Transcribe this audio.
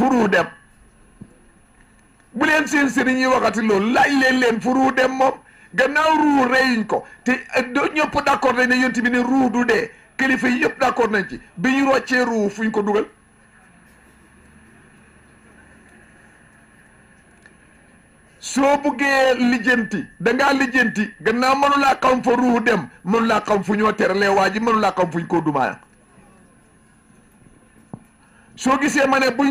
furu dem bu leen seen sëriñ yi waxati loolu laaj leen leen furu dem moom gannaaw ruu reyuñ ko te eh, ñëpp d' accord nañ ne yonti bi ne ruu du dee kilifa yi yëpp d' nañ ci bi ñu roccee ruu fuñ ko dugal soo buggee lijjanti danga ngaa lijjanti gannaaw mënu laa xam fa ruu dem mënu laa xam fu ñoo teralee waa ji mënu laa xam fuñ ko dumaaya soo gisee ma ne buñ